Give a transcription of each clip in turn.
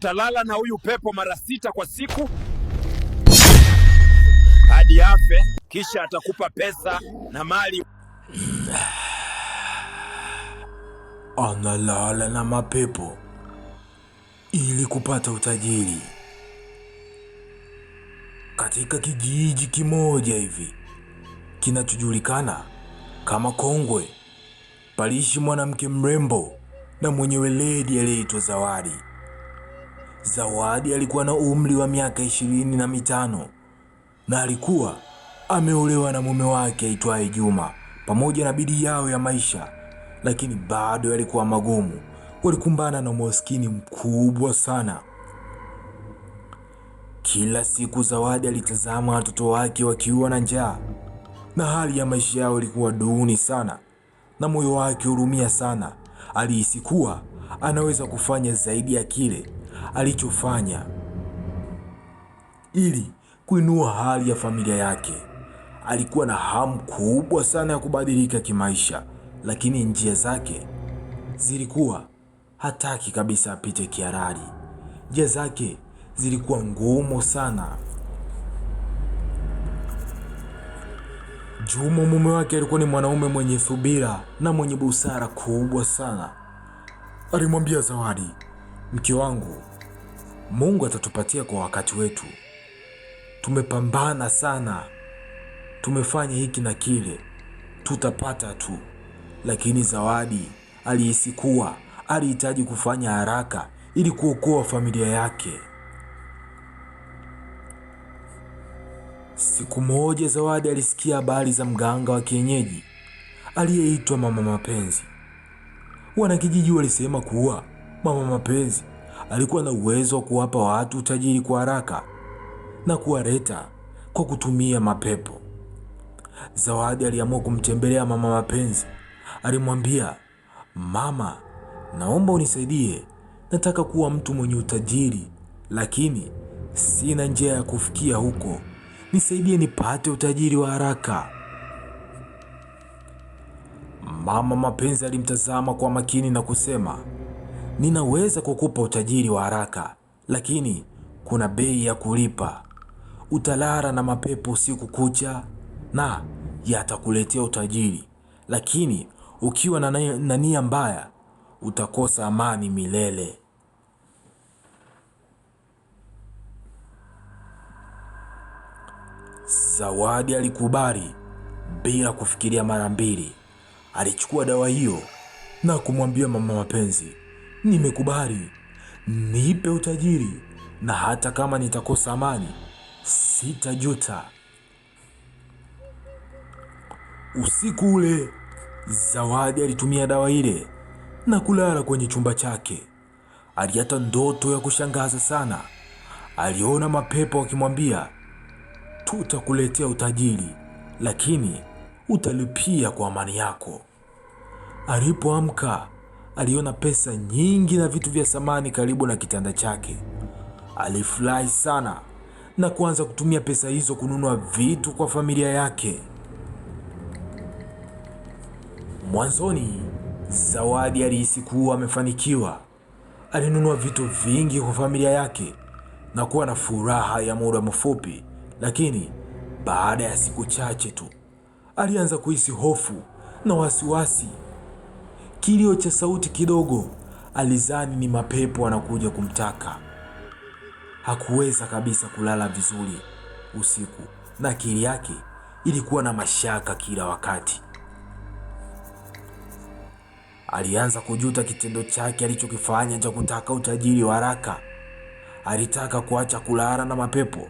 talala na huyu pepo mara sita kwa siku hadi afe, kisha atakupa pesa na mali. Analala na mapepo ili kupata utajiri. Katika kijiji kimoja hivi kinachojulikana kama Kongwe, paliishi mwanamke mrembo na mwenye weledi aliyeitwa Zawadi. Zawadi alikuwa na umri wa miaka ishirini na mitano na alikuwa ameolewa na mume wake aitwaye Juma pamoja na bidii yao ya maisha, lakini bado yalikuwa magumu. Walikumbana na umaskini mkubwa sana. Kila siku Zawadi alitazama watoto wake wakiwa na njaa na hali ya maisha yao ilikuwa duni sana, na moyo wake hurumia sana. Alihisi kuwa anaweza kufanya zaidi ya kile alichofanya ili kuinua hali ya familia yake. Alikuwa na hamu kubwa sana ya kubadilika kimaisha, lakini njia zake zilikuwa hataki kabisa apite kiarari. Njia zake zilikuwa ngumu sana. Juma mume wake alikuwa ni mwanaume mwenye subira na mwenye busara kubwa sana. Alimwambia Zawadi, mke wangu, Mungu atatupatia kwa wakati wetu. Tumepambana sana, tumefanya hiki na kile, tutapata tu. Lakini Zawadi alihisi kuwa alihitaji kufanya haraka ili kuokoa familia yake. Siku moja Zawadi alisikia habari za mganga wa kienyeji aliyeitwa Mama Mapenzi. Wanakijiji walisema kuwa Mama Mapenzi alikuwa na uwezo wa kuwapa watu utajiri kwa haraka na kuwaleta kwa kutumia mapepo. Zawadi aliamua kumtembelea mama mapenzi. Alimwambia, mama, naomba unisaidie, nataka kuwa mtu mwenye utajiri, lakini sina njia ya kufikia huko, nisaidie nipate utajiri wa haraka. Mama mapenzi alimtazama kwa makini na kusema Ninaweza kukupa utajiri wa haraka, lakini kuna bei ya kulipa. Utalala na mapepo usiku kucha na yatakuletea utajiri, lakini ukiwa na nia mbaya utakosa amani milele. Zawadi alikubali bila kufikiria mara mbili. Alichukua dawa hiyo na kumwambia mama mapenzi, nimekubali, nipe utajiri, na hata kama nitakosa amani sitajuta. Usiku ule Zawadi alitumia dawa ile na kulala kwenye chumba chake. Aliata ndoto ya kushangaza sana. Aliona mapepo wakimwambia, tutakuletea utajiri, lakini utalipia kwa amani yako. Alipoamka aliona pesa nyingi na vitu vya samani karibu na kitanda chake. Alifurahi sana na kuanza kutumia pesa hizo kununua vitu kwa familia yake. Mwanzoni Zawadi alihisi kuwa amefanikiwa. Alinunua vitu vingi kwa familia yake na kuwa na furaha ya muda mfupi, lakini baada ya siku chache tu alianza kuhisi hofu na wasiwasi kilio cha sauti kidogo, alizani ni mapepo anakuja kumtaka. Hakuweza kabisa kulala vizuri usiku, na akili yake ilikuwa na mashaka kila wakati. Alianza kujuta kitendo chake alichokifanya cha kutaka utajiri wa haraka. Alitaka kuacha kulala na mapepo,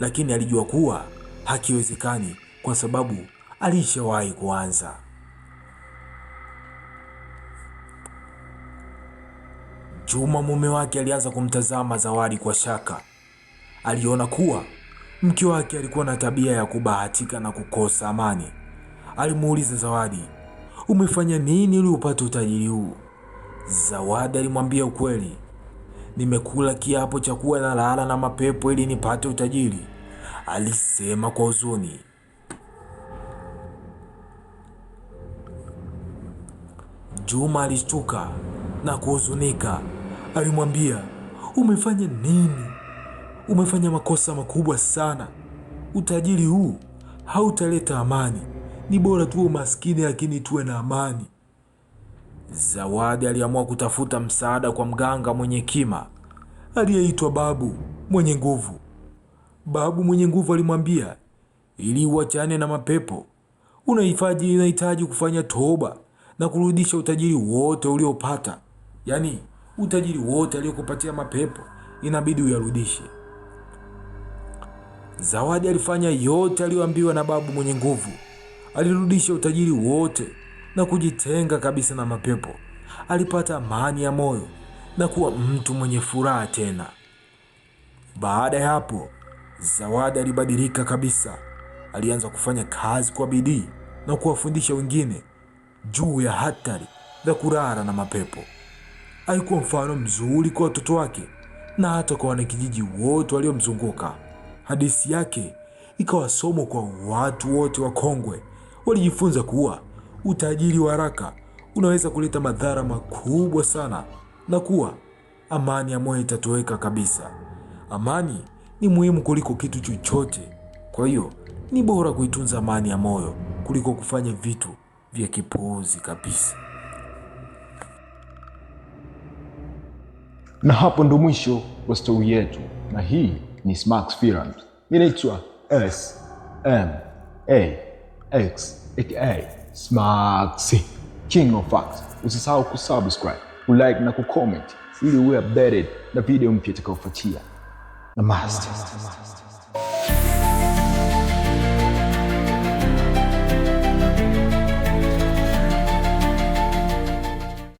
lakini alijua kuwa hakiwezekani kwa sababu alishawahi kuanza. Juma mume wake alianza kumtazama Zawadi kwa shaka. Aliona kuwa mke wake alikuwa na tabia ya kubahatika na kukosa amani. Alimuuliza Zawadi, umefanya nini ili upate utajiri huu? Zawadi alimwambia ukweli, nimekula kiapo cha kuwa na lala na mapepo ili nipate utajiri, alisema kwa huzuni. Juma alishtuka na kuhuzunika. Alimwambia, umefanya nini? Umefanya makosa makubwa sana. Utajiri huu hautaleta amani, ni bora tuwe umaskini lakini tuwe na amani. Zawadi aliamua kutafuta msaada kwa mganga mwenye kima aliyeitwa Babu mwenye nguvu. Babu mwenye nguvu alimwambia, ili uachane na mapepo unahitaji unahitaji kufanya toba na kurudisha utajiri wote uliopata, yaani utajiri wote aliyokupatia mapepo inabidi uyarudishe. Zawadi alifanya yote aliyoambiwa na babu mwenye nguvu. Alirudisha utajiri wote na kujitenga kabisa na mapepo. Alipata amani ya moyo na kuwa mtu mwenye furaha tena. Baada ya hapo, Zawadi alibadilika kabisa. Alianza kufanya kazi kwa bidii na kuwafundisha wengine juu ya hatari za kurara na mapepo alikuwa mfano mzuri kwa watoto wake na hata kwa wanakijiji wote waliomzunguka. Hadithi yake ikawa somo kwa watu wote wa kongwe Walijifunza kuwa utajiri wa haraka unaweza kuleta madhara makubwa sana, na kuwa amani ya moyo itatoweka kabisa. Amani ni muhimu kuliko kitu chochote, kwa hiyo ni bora kuitunza amani ya moyo kuliko kufanya vitu vya kipuuzi kabisa. Na hapo ndo mwisho wa stori yetu, na hii ni Smax Films. Mimi naitwa S M A X aka Smax King of Facts. Usisahau kusubscribe, kulike na kucomment ili uwe updated na video mpya itakayofuatia. Namaste.